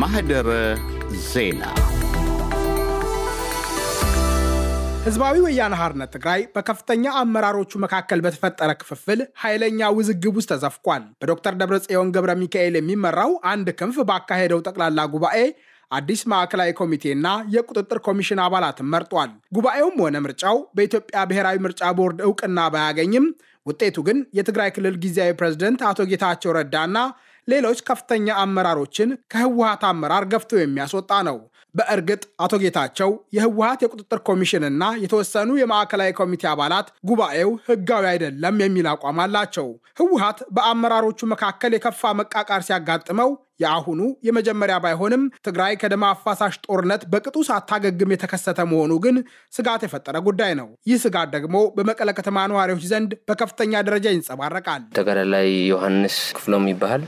ማህደረ ዜና ህዝባዊ ወያነ ሓርነት ትግራይ በከፍተኛ አመራሮቹ መካከል በተፈጠረ ክፍፍል ኃይለኛ ውዝግብ ውስጥ ተዘፍቋል። በዶክተር ደብረጽዮን ገብረ ሚካኤል የሚመራው አንድ ክንፍ ባካሄደው ጠቅላላ ጉባኤ አዲስ ማዕከላዊ ኮሚቴና የቁጥጥር ኮሚሽን አባላትን መርጧል። ጉባኤውም ሆነ ምርጫው በኢትዮጵያ ብሔራዊ ምርጫ ቦርድ እውቅና ባያገኝም ውጤቱ ግን የትግራይ ክልል ጊዜያዊ ፕሬዝደንት አቶ ጌታቸው ረዳና ሌሎች ከፍተኛ አመራሮችን ከህወሀት አመራር ገፍቶ የሚያስወጣ ነው። በእርግጥ አቶ ጌታቸው የህወሀት የቁጥጥር ኮሚሽንና የተወሰኑ የማዕከላዊ ኮሚቴ አባላት ጉባኤው ህጋዊ አይደለም የሚል አቋም አላቸው። ህወሀት በአመራሮቹ መካከል የከፋ መቃቃር ሲያጋጥመው የአሁኑ የመጀመሪያ ባይሆንም ትግራይ ከደም አፋሳሽ ጦርነት በቅጡ ሳታገግም የተከሰተ መሆኑ ግን ስጋት የፈጠረ ጉዳይ ነው። ይህ ስጋት ደግሞ በመቀለ ከተማ ነዋሪዎች ዘንድ በከፍተኛ ደረጃ ይንጸባረቃል። ተጋዳላይ ዮሐንስ ክፍሎም ይባሃል።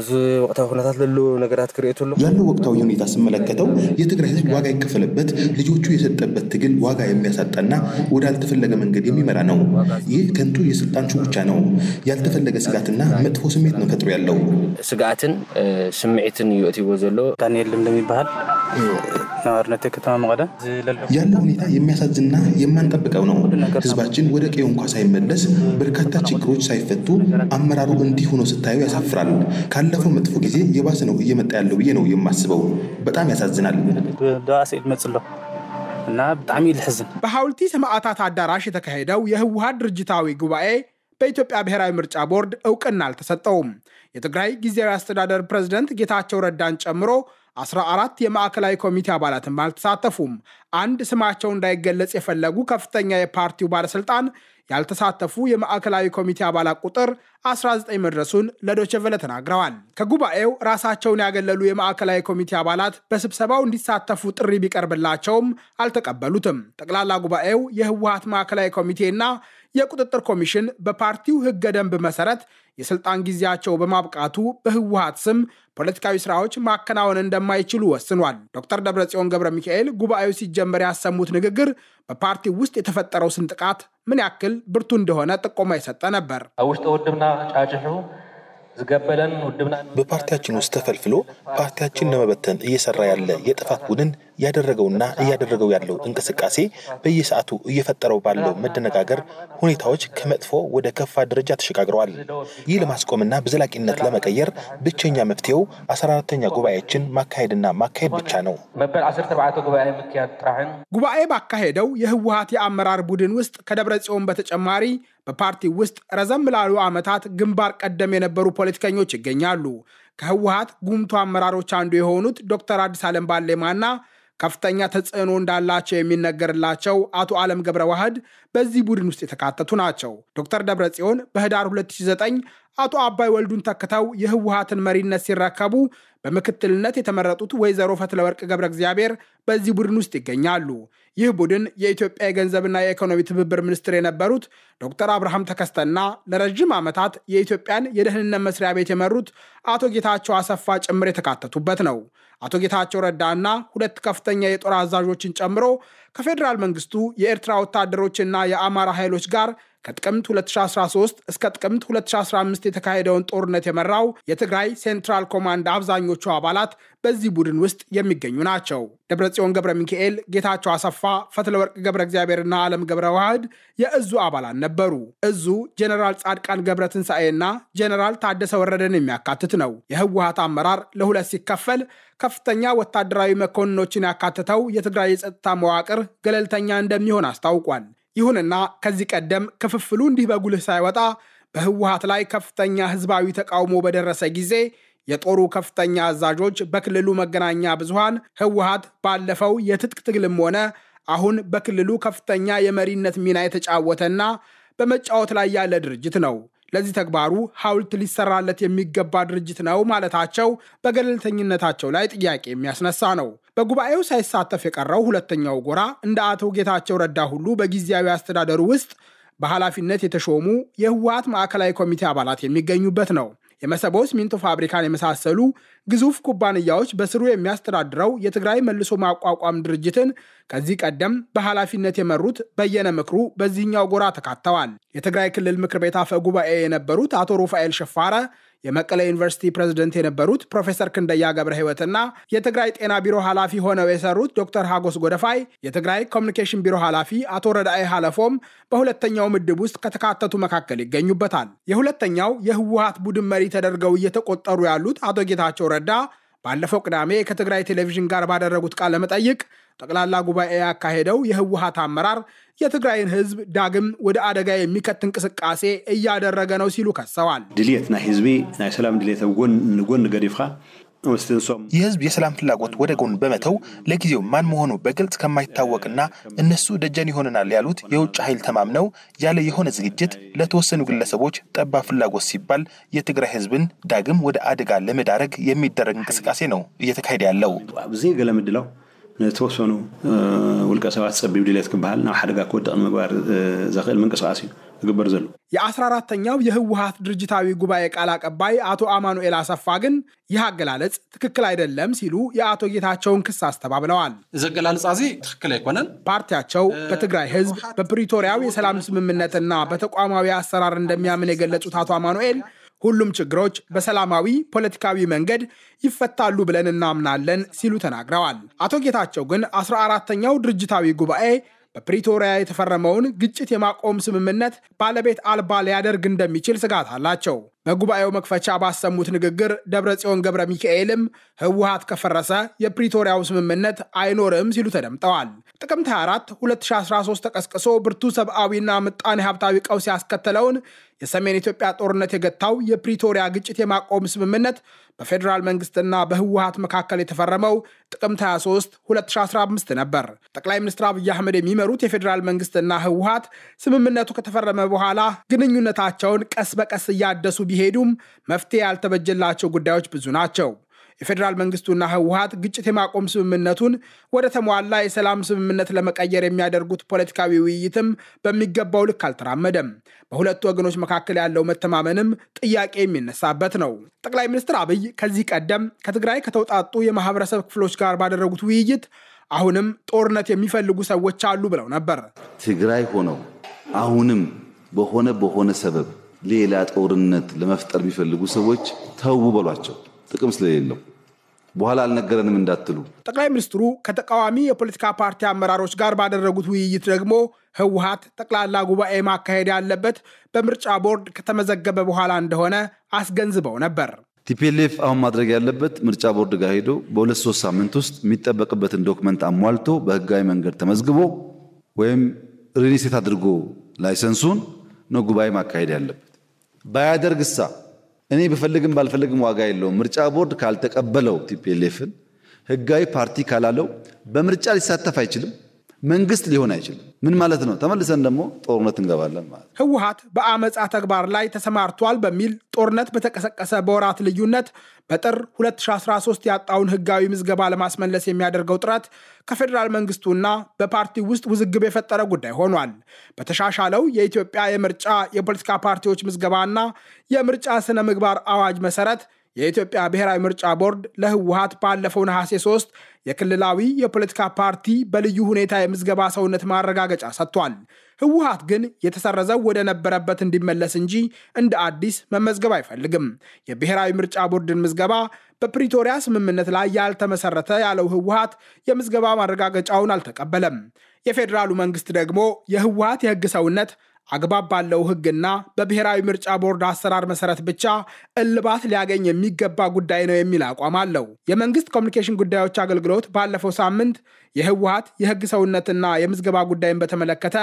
እዚ ወቅታዊ ሁነታት ለሉ ነገራት ክርኤቱ ያለው ወቅታዊ ሁኔታ ስመለከተው የትግራይ ህዝብ ዋጋ የከፈለበት ልጆቹ የሰጠበት ትግል ዋጋ የሚያሳጣና ወዳልተፈለገ መንገድ የሚመራ ነው። ይህ ከንቱ የስልጣን ሹኩቻ ነው። ያልተፈለገ ስጋትና መጥፎ ስሜት ነው ፈጥሮ ያለው ስጋትን ስምዒትን እዩ እትይዎ ዘሎ ዳንኤል ልምልም ይበሃል ነዋሪነት ከተማ መቀለ ያለ ሁኔታ የሚያሳዝንና የማንጠብቀው ነው። ህዝባችን ወደ ቀዬው እንኳ ሳይመለስ በርካታ ችግሮች ሳይፈቱ አመራሩ እንዲህ ሆኖ ስታዩ ያሳፍራል። ካለፈው መጥፎ ጊዜ የባሰ ነው እየመጣ ያለው ብዬ ነው የማስበው። በጣም ያሳዝናል። እና ብጣዕሚ ልሕዝን በሐውልቲ ሰማዕታት አዳራሽ የተካሄደው የህወሀት ድርጅታዊ ጉባኤ በኢትዮጵያ ብሔራዊ ምርጫ ቦርድ እውቅና አልተሰጠውም። የትግራይ ጊዜያዊ አስተዳደር ፕሬዝደንት ጌታቸው ረዳን ጨምሮ 14 የማዕከላዊ ኮሚቴ አባላትም አልተሳተፉም። አንድ ስማቸው እንዳይገለጽ የፈለጉ ከፍተኛ የፓርቲው ባለስልጣን ያልተሳተፉ የማዕከላዊ ኮሚቴ አባላት ቁጥር 19 መድረሱን ለዶቸቨለ ተናግረዋል። ከጉባኤው ራሳቸውን ያገለሉ የማዕከላዊ ኮሚቴ አባላት በስብሰባው እንዲሳተፉ ጥሪ ቢቀርብላቸውም አልተቀበሉትም። ጠቅላላ ጉባኤው የህወሀት ማዕከላዊ ኮሚቴና የቁጥጥር ኮሚሽን በፓርቲው ህገ ደንብ መሰረት የስልጣን ጊዜያቸው በማብቃቱ በህወሀት ስም ፖለቲካዊ ስራዎች ማከናወን እንደማይችሉ ወስኗል። ዶክተር ደብረጽዮን ገብረ ሚካኤል ጉባኤው ሲጀመር ያሰሙት ንግግር በፓርቲ ውስጥ የተፈጠረው ስንጥቃት ምን ያክል ብርቱ እንደሆነ ጥቆማ የሰጠ ነበር። ውስጥ ውድብና ጫጭሑ በፓርቲያችን ውስጥ ተፈልፍሎ ፓርቲያችን ለመበተን እየሰራ ያለ የጥፋት ቡድን እያደረገውና እያደረገው ያለው እንቅስቃሴ በየሰዓቱ እየፈጠረው ባለው መደነጋገር ሁኔታዎች ከመጥፎ ወደ ከፋ ደረጃ ተሸጋግረዋል። ይህ ለማስቆምና በዘላቂነት ለመቀየር ብቸኛ መፍትሄው 14ተኛ ጉባኤያችን ማካሄድና ማካሄድ ብቻ ነው። ጉባኤ ባካሄደው የህወሀት የአመራር ቡድን ውስጥ ከደብረ ጽዮን በተጨማሪ በፓርቲ ውስጥ ረዘም ላሉ ዓመታት ግንባር ቀደም የነበሩ ፖለቲከኞች ይገኛሉ። ከህወሀት ጉምቱ አመራሮች አንዱ የሆኑት ዶክተር አዲስ አለም ባሌማና ከፍተኛ ተጽዕኖ እንዳላቸው የሚነገርላቸው አቶ አለም ገብረ ዋህድ በዚህ ቡድን ውስጥ የተካተቱ ናቸው። ዶክተር ደብረ ጽዮን በህዳር 2009 አቶ አባይ ወልዱን ተክተው የህወሀትን መሪነት ሲረከቡ በምክትልነት የተመረጡት ወይዘሮ ፈትለወርቅ ገብረ እግዚአብሔር በዚህ ቡድን ውስጥ ይገኛሉ። ይህ ቡድን የኢትዮጵያ የገንዘብና የኢኮኖሚ ትብብር ሚኒስትር የነበሩት ዶክተር አብርሃም ተከስተና ለረዥም ዓመታት የኢትዮጵያን የደህንነት መስሪያ ቤት የመሩት አቶ ጌታቸው አሰፋ ጭምር የተካተቱበት ነው። አቶ ጌታቸው ረዳና ሁለት ከፍተኛ የጦር አዛዦችን ጨምሮ ከፌዴራል መንግስቱ የኤርትራ ወታደሮችና የአማራ ኃይሎች ጋር ከጥቅምት 2013 እስከ ጥቅምት 2015 የተካሄደውን ጦርነት የመራው የትግራይ ሴንትራል ኮማንድ አብዛኞቹ አባላት በዚህ ቡድን ውስጥ የሚገኙ ናቸው። ደብረጽዮን ገብረ ሚካኤል፣ ጌታቸው አሰፋ፣ ፈትለወርቅ ገብረ እግዚአብሔርና ዓለም ገብረ ዋህድ የእዙ አባላት ነበሩ። እዙ ጀኔራል ጻድቃን ገብረ ትንሣኤና ጀኔራል ታደሰ ወረደን የሚያካትት ነው። የህወሀት አመራር ለሁለት ሲከፈል ከፍተኛ ወታደራዊ መኮንኖችን ያካትተው የትግራይ የጸጥታ መዋቅር ገለልተኛ እንደሚሆን አስታውቋል። ይሁንና ከዚህ ቀደም ክፍፍሉ እንዲህ በጉልህ ሳይወጣ በህወሀት ላይ ከፍተኛ ህዝባዊ ተቃውሞ በደረሰ ጊዜ የጦሩ ከፍተኛ አዛዦች በክልሉ መገናኛ ብዙሃን ህወሀት ባለፈው የትጥቅ ትግልም ሆነ አሁን በክልሉ ከፍተኛ የመሪነት ሚና የተጫወተና በመጫወት ላይ ያለ ድርጅት ነው፣ ለዚህ ተግባሩ ሐውልት ሊሰራለት የሚገባ ድርጅት ነው ማለታቸው በገለልተኝነታቸው ላይ ጥያቄ የሚያስነሳ ነው። በጉባኤው ሳይሳተፍ የቀረው ሁለተኛው ጎራ እንደ አቶ ጌታቸው ረዳ ሁሉ በጊዜያዊ አስተዳደሩ ውስጥ በኃላፊነት የተሾሙ የህወሀት ማዕከላዊ ኮሚቴ አባላት የሚገኙበት ነው። የመሰቦ ሲሚንቶ ፋብሪካን የመሳሰሉ ግዙፍ ኩባንያዎች በስሩ የሚያስተዳድረው የትግራይ መልሶ ማቋቋም ድርጅትን ከዚህ ቀደም በኃላፊነት የመሩት በየነ ምክሩ በዚህኛው ጎራ ተካተዋል። የትግራይ ክልል ምክር ቤት አፈ ጉባኤ የነበሩት አቶ ሩፋኤል ሽፋረ የመቀለ ዩኒቨርሲቲ ፕሬዝደንት የነበሩት ፕሮፌሰር ክንደያ ገብረ ሕይወትና የትግራይ ጤና ቢሮ ኃላፊ ሆነው የሰሩት ዶክተር ሀጎስ ጎደፋይ፣ የትግራይ ኮሚኒኬሽን ቢሮ ኃላፊ አቶ ረዳኤ ሀለፎም በሁለተኛው ምድብ ውስጥ ከተካተቱ መካከል ይገኙበታል። የሁለተኛው የህወሀት ቡድን መሪ ተደርገው እየተቆጠሩ ያሉት አቶ ጌታቸው ረዳ ባለፈው ቅዳሜ ከትግራይ ቴሌቪዥን ጋር ባደረጉት ቃለ መጠይቅ ጠቅላላ ጉባኤ ያካሄደው የህወሀት አመራር የትግራይን ህዝብ ዳግም ወደ አደጋ የሚከት እንቅስቃሴ እያደረገ ነው ሲሉ ከሰዋል። ድሌት ናይ ህዝቢ ናይ ሰላም ድሌት ንጎን ገዲፍካ የህዝብ የሰላም ፍላጎት ወደ ጎን በመተው ለጊዜው ማን መሆኑ በግልጽ ከማይታወቅና እነሱ ደጀን ይሆነናል ያሉት የውጭ ኃይል ተማምነው ያለ የሆነ ዝግጅት ለተወሰኑ ግለሰቦች ጠባብ ፍላጎት ሲባል የትግራይ ህዝብን ዳግም ወደ አደጋ ለመዳረግ የሚደረግ እንቅስቃሴ ነው እየተካሄደ ያለው። ንተወሰኑ ውልቀ ሰባት ፀቢብ ድሌት ክበሃል ናብ ሓደጋ ክወድቕ ንምግባር ዘኽእል ምንቅስቃስ እዩ ዝግበር ዘሎ የ14ተኛው የህወሓት ድርጅታዊ ጉባኤ ቃል አቀባይ አቶ አማኑኤል አሰፋ ግን ይህ አገላለጽ ትክክል አይደለም ሲሉ የአቶ ጌታቸውን ክስ አስተባብለዋል። እዚ አገላለጻ እዚ ትክክል አይኮነን። ፓርቲያቸው በትግራይ ህዝብ በፕሪቶሪያው የሰላም ስምምነትና በተቋማዊ አሰራር እንደሚያምን የገለጹት አቶ አማኑኤል ሁሉም ችግሮች በሰላማዊ ፖለቲካዊ መንገድ ይፈታሉ ብለን እናምናለን ሲሉ ተናግረዋል። አቶ ጌታቸው ግን አስራ አራተኛው ድርጅታዊ ጉባኤ በፕሪቶሪያ የተፈረመውን ግጭት የማቆም ስምምነት ባለቤት አልባ ሊያደርግ እንደሚችል ስጋት አላቸው። በጉባኤው መክፈቻ ባሰሙት ንግግር ደብረጽዮን ገብረ ሚካኤልም ህወሀት ከፈረሰ የፕሪቶሪያው ስምምነት አይኖርም ሲሉ ተደምጠዋል። ጥቅምት 24 2013 ተቀስቅሶ ብርቱ ሰብአዊና ምጣኔ ሀብታዊ ቀውስ ያስከተለውን የሰሜን ኢትዮጵያ ጦርነት የገታው የፕሪቶሪያ ግጭት የማቆም ስምምነት በፌዴራል መንግስትና በህወሀት መካከል የተፈረመው ጥቅምት 23 2015 ነበር። ጠቅላይ ሚኒስትር አብይ አህመድ የሚመሩት የፌዴራል መንግስትና ህወሀት ስምምነቱ ከተፈረመ በኋላ ግንኙነታቸውን ቀስ በቀስ እያደሱ ቢሄዱም መፍትሄ ያልተበጀላቸው ጉዳዮች ብዙ ናቸው። የፌዴራል መንግስቱና ህወሀት ግጭት የማቆም ስምምነቱን ወደ ተሟላ የሰላም ስምምነት ለመቀየር የሚያደርጉት ፖለቲካዊ ውይይትም በሚገባው ልክ አልተራመደም። በሁለቱ ወገኖች መካከል ያለው መተማመንም ጥያቄ የሚነሳበት ነው። ጠቅላይ ሚኒስትር አብይ ከዚህ ቀደም ከትግራይ ከተውጣጡ የማህበረሰብ ክፍሎች ጋር ባደረጉት ውይይት አሁንም ጦርነት የሚፈልጉ ሰዎች አሉ ብለው ነበር። ትግራይ ሆነው አሁንም በሆነ በሆነ ሰበብ ሌላ ጦርነት ለመፍጠር የሚፈልጉ ሰዎች ተው በሏቸው፣ ጥቅም ስለሌለው በኋላ አልነገረንም እንዳትሉ። ጠቅላይ ሚኒስትሩ ከተቃዋሚ የፖለቲካ ፓርቲ አመራሮች ጋር ባደረጉት ውይይት ደግሞ ህወሀት ጠቅላላ ጉባኤ ማካሄድ ያለበት በምርጫ ቦርድ ከተመዘገበ በኋላ እንደሆነ አስገንዝበው ነበር። ቲፒኤልኤፍ አሁን ማድረግ ያለበት ምርጫ ቦርድ ጋር ሄዶ በሁለት ሶስት ሳምንት ውስጥ የሚጠበቅበትን ዶክመንት አሟልቶ በህጋዊ መንገድ ተመዝግቦ ወይም ሪሊስት አድርጎ ላይሰንሱን ነው ጉባኤ ማካሄድ ያለበት። ባያደርግሳ እኔ ብፈልግም ባልፈልግም ዋጋ የለውም። ምርጫ ቦርድ ካልተቀበለው ቲፒኤልኤፍን ህጋዊ ፓርቲ ካላለው በምርጫ ሊሳተፍ አይችልም። መንግስት ሊሆን አይችልም። ምን ማለት ነው? ተመልሰን ደግሞ ጦርነት እንገባለን ማለት ነው። ህወሀት በአመፃ ተግባር ላይ ተሰማርቷል በሚል ጦርነት በተቀሰቀሰ በወራት ልዩነት በጥር 2013 ያጣውን ህጋዊ ምዝገባ ለማስመለስ የሚያደርገው ጥረት ከፌዴራል መንግስቱና በፓርቲ ውስጥ ውዝግብ የፈጠረ ጉዳይ ሆኗል። በተሻሻለው የኢትዮጵያ የምርጫ የፖለቲካ ፓርቲዎች ምዝገባና የምርጫ ስነ ምግባር አዋጅ መሰረት የኢትዮጵያ ብሔራዊ ምርጫ ቦርድ ለህወሀት ባለፈው ነሐሴ 3 የክልላዊ የፖለቲካ ፓርቲ በልዩ ሁኔታ የምዝገባ ሰውነት ማረጋገጫ ሰጥቷል። ህወሀት ግን የተሰረዘው ወደ ነበረበት እንዲመለስ እንጂ እንደ አዲስ መመዝገብ አይፈልግም። የብሔራዊ ምርጫ ቦርድን ምዝገባ በፕሪቶሪያ ስምምነት ላይ ያልተመሰረተ ያለው ህወሀት የምዝገባ ማረጋገጫውን አልተቀበለም። የፌዴራሉ መንግስት ደግሞ የህወሀት የህግ ሰውነት አግባብ ባለው ሕግና በብሔራዊ ምርጫ ቦርድ አሰራር መሰረት ብቻ እልባት ሊያገኝ የሚገባ ጉዳይ ነው የሚል አቋም አለው። የመንግስት ኮሚኒኬሽን ጉዳዮች አገልግሎት ባለፈው ሳምንት የህወሀት የህግ ሰውነትና የምዝገባ ጉዳይን በተመለከተ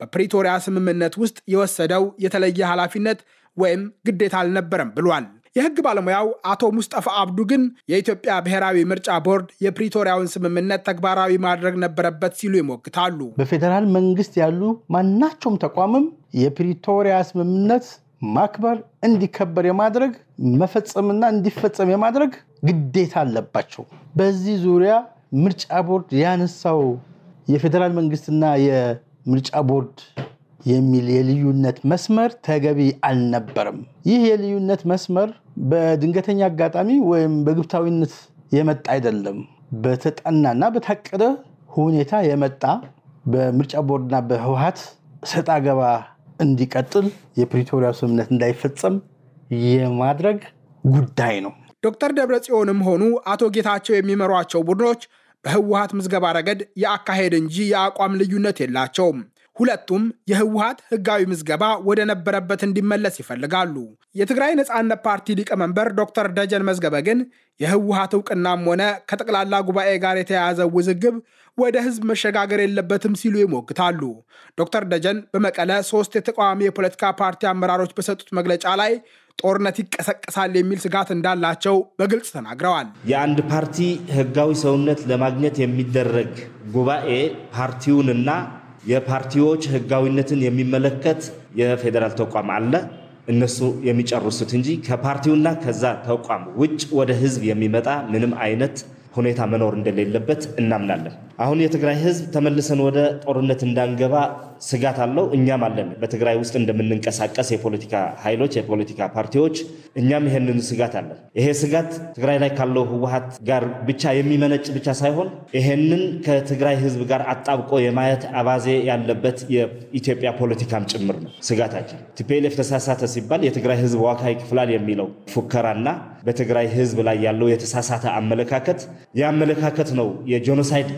በፕሪቶሪያ ስምምነት ውስጥ የወሰደው የተለየ ኃላፊነት ወይም ግዴታ አልነበረም ብሏል። የህግ ባለሙያው አቶ ሙስጠፋ አብዱ ግን የኢትዮጵያ ብሔራዊ ምርጫ ቦርድ የፕሪቶሪያውን ስምምነት ተግባራዊ ማድረግ ነበረበት ሲሉ ይሞግታሉ። በፌዴራል መንግስት ያሉ ማናቸውም ተቋምም የፕሪቶሪያ ስምምነት ማክበር እንዲከበር የማድረግ መፈጸምና እንዲፈጸም የማድረግ ግዴታ አለባቸው። በዚህ ዙሪያ ምርጫ ቦርድ ያነሳው የፌዴራል መንግስትና የምርጫ ቦርድ የሚል የልዩነት መስመር ተገቢ አልነበርም። ይህ የልዩነት መስመር በድንገተኛ አጋጣሚ ወይም በግብታዊነት የመጣ አይደለም። በተጠናና በታቀደ ሁኔታ የመጣ በምርጫ ቦርድና በህወሀት ሰጣ ገባ እንዲቀጥል የፕሪቶሪያ ስምምነት እንዳይፈጸም የማድረግ ጉዳይ ነው። ዶክተር ደብረጽዮንም ሆኑ አቶ ጌታቸው የሚመሯቸው ቡድኖች በህወሀት ምዝገባ ረገድ የአካሄድ እንጂ የአቋም ልዩነት የላቸውም። ሁለቱም የህወሀት ህጋዊ ምዝገባ ወደ ነበረበት እንዲመለስ ይፈልጋሉ። የትግራይ ነጻነት ፓርቲ ሊቀመንበር ዶክተር ደጀን መዝገበ ግን የህወሀት እውቅናም ሆነ ከጠቅላላ ጉባኤ ጋር የተያያዘ ውዝግብ ወደ ህዝብ መሸጋገር የለበትም ሲሉ ይሞግታሉ። ዶክተር ደጀን በመቀለ ሶስት የተቃዋሚ የፖለቲካ ፓርቲ አመራሮች በሰጡት መግለጫ ላይ ጦርነት ይቀሰቀሳል የሚል ስጋት እንዳላቸው በግልጽ ተናግረዋል። የአንድ ፓርቲ ህጋዊ ሰውነት ለማግኘት የሚደረግ ጉባኤ ፓርቲውንና የፓርቲዎች ህጋዊነትን የሚመለከት የፌዴራል ተቋም አለ። እነሱ የሚጨርሱት እንጂ ከፓርቲውና ከዛ ተቋም ውጭ ወደ ህዝብ የሚመጣ ምንም አይነት ሁኔታ መኖር እንደሌለበት እናምናለን። አሁን የትግራይ ህዝብ ተመልሰን ወደ ጦርነት እንዳንገባ ስጋት አለው። እኛም አለን። በትግራይ ውስጥ እንደምንንቀሳቀስ የፖለቲካ ኃይሎች፣ የፖለቲካ ፓርቲዎች እኛም ይሄንን ስጋት አለን። ይሄ ስጋት ትግራይ ላይ ካለው ህወሀት ጋር ብቻ የሚመነጭ ብቻ ሳይሆን ይሄንን ከትግራይ ህዝብ ጋር አጣብቆ የማየት አባዜ ያለበት የኢትዮጵያ ፖለቲካም ጭምር ነው ስጋታችን። ቲፒኤልኤፍ ተሳሳተ ሲባል የትግራይ ህዝብ ዋጋ ክፍላል የሚለው ፉከራና በትግራይ ህዝብ ላይ ያለው የተሳሳተ አመለካከት የአመለካከት ነው የጄኖሳይድ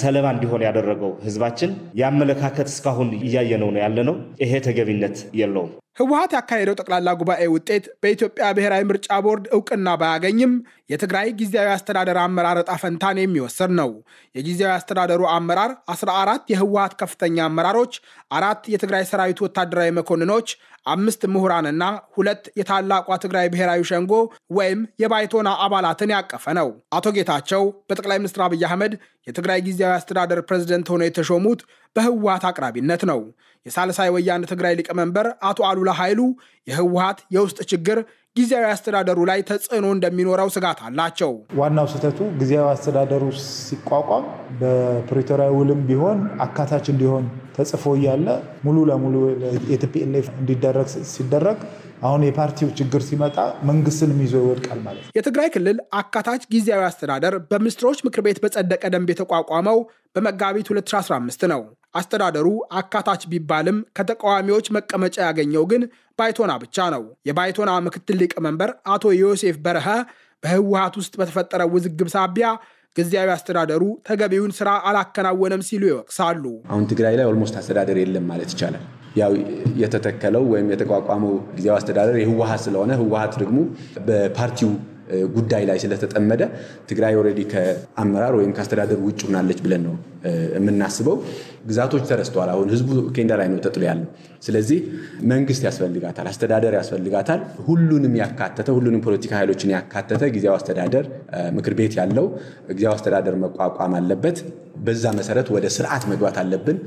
ሰለባ እንዲሆን ያደረገው ህዝባችን የአመለካከት እስካሁን እያየነው ነው ነው። ይሄ ተገቢነት የለውም። ህወሀት ያካሄደው ጠቅላላ ጉባኤ ውጤት በኢትዮጵያ ብሔራዊ ምርጫ ቦርድ እውቅና ባያገኝም የትግራይ ጊዜያዊ አስተዳደር አመራር እጣ ፈንታን የሚወስን ነው። የጊዜያዊ አስተዳደሩ አመራር 14 የህወሀት ከፍተኛ አመራሮች፣ አራት የትግራይ ሰራዊት ወታደራዊ መኮንኖች፣ አምስት ምሁራንና ሁለት የታላቋ ትግራይ ብሔራዊ ሸንጎ ወይም የባይቶና አባላትን ያቀፈ ነው። አቶ ጌታቸው በጠቅላይ ሚኒስትር አብይ አህመድ የትግራይ ጊዜያዊ አስተዳደር ፕሬዝደንት ሆነው የተሾሙት በህወሀት አቅራቢነት ነው። የሳልሳይ ወያነ ትግራይ ሊቀመንበር አቶ አሉላ ኃይሉ የህወሀት የውስጥ ችግር ጊዜያዊ አስተዳደሩ ላይ ተጽዕኖ እንደሚኖረው ስጋት አላቸው። ዋናው ስህተቱ ጊዜያዊ አስተዳደሩ ሲቋቋም በፕሪቶሪያ ውልም ቢሆን አካታች እንዲሆን ተጽፎ እያለ ሙሉ ለሙሉ የቲፒኤልኤፍ እንዲደረግ ሲደረግ አሁን የፓርቲው ችግር ሲመጣ መንግስትንም ይዞ ይወድቃል ማለት ነው። የትግራይ ክልል አካታች ጊዜያዊ አስተዳደር በሚኒስትሮች ምክር ቤት በጸደቀ ደንብ የተቋቋመው በመጋቢት 2015 ነው። አስተዳደሩ አካታች ቢባልም ከተቃዋሚዎች መቀመጫ ያገኘው ግን ባይቶና ብቻ ነው። የባይቶና ምክትል ሊቀመንበር አቶ ዮሴፍ በረሀ በህወሀት ውስጥ በተፈጠረ ውዝግብ ሳቢያ ጊዜያዊ አስተዳደሩ ተገቢውን ስራ አላከናወነም ሲሉ ይወቅሳሉ። አሁን ትግራይ ላይ ኦልሞስት አስተዳደር የለም ማለት ይቻላል። ያው የተተከለው ወይም የተቋቋመው ጊዜያዊ አስተዳደር የህወሀት ስለሆነ ህወሀት ደግሞ በፓርቲው ጉዳይ ላይ ስለተጠመደ ትግራይ ኦልሬዲ ከአመራር ወይም ከአስተዳደር ውጭ ሆናለች ብለን ነው የምናስበው። ግዛቶች ተረስተዋል። አሁን ህዝቡ ኬንዳ ላይ ነው ተጥሎ ያለው። ስለዚህ መንግስት ያስፈልጋታል፣ አስተዳደር ያስፈልጋታል። ሁሉንም ያካተተ ሁሉንም ፖለቲካ ኃይሎችን ያካተተ ጊዜያዊ አስተዳደር ምክር ቤት ያለው ጊዜያዊ አስተዳደር መቋቋም አለበት። በዛ መሰረት ወደ ስርዓት መግባት አለብን።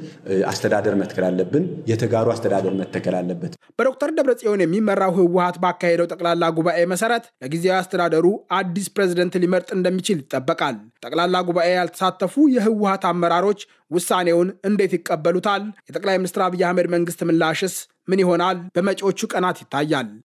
አስተዳደር መትከል አለብን። የተጋሩ አስተዳደር መተከል አለበት። በዶክተር ደብረጽዮን የሚመራው ህወሀት ባካሄደው ጠቅላላ ጉባኤ መሰረት ለጊዜያዊ አስተዳደሩ አዲስ ፕሬዝደንት ሊመርጥ እንደሚችል ይጠበቃል። ጠቅላላ ጉባኤ ያልተሳተፉ የህወሀት አመራሮች ውሳኔውን እንዴት ይቀበሉታል? የጠቅላይ ሚኒስትር አብይ አህመድ መንግስት ምላሽስ ምን ይሆናል? በመጪዎቹ ቀናት ይታያል።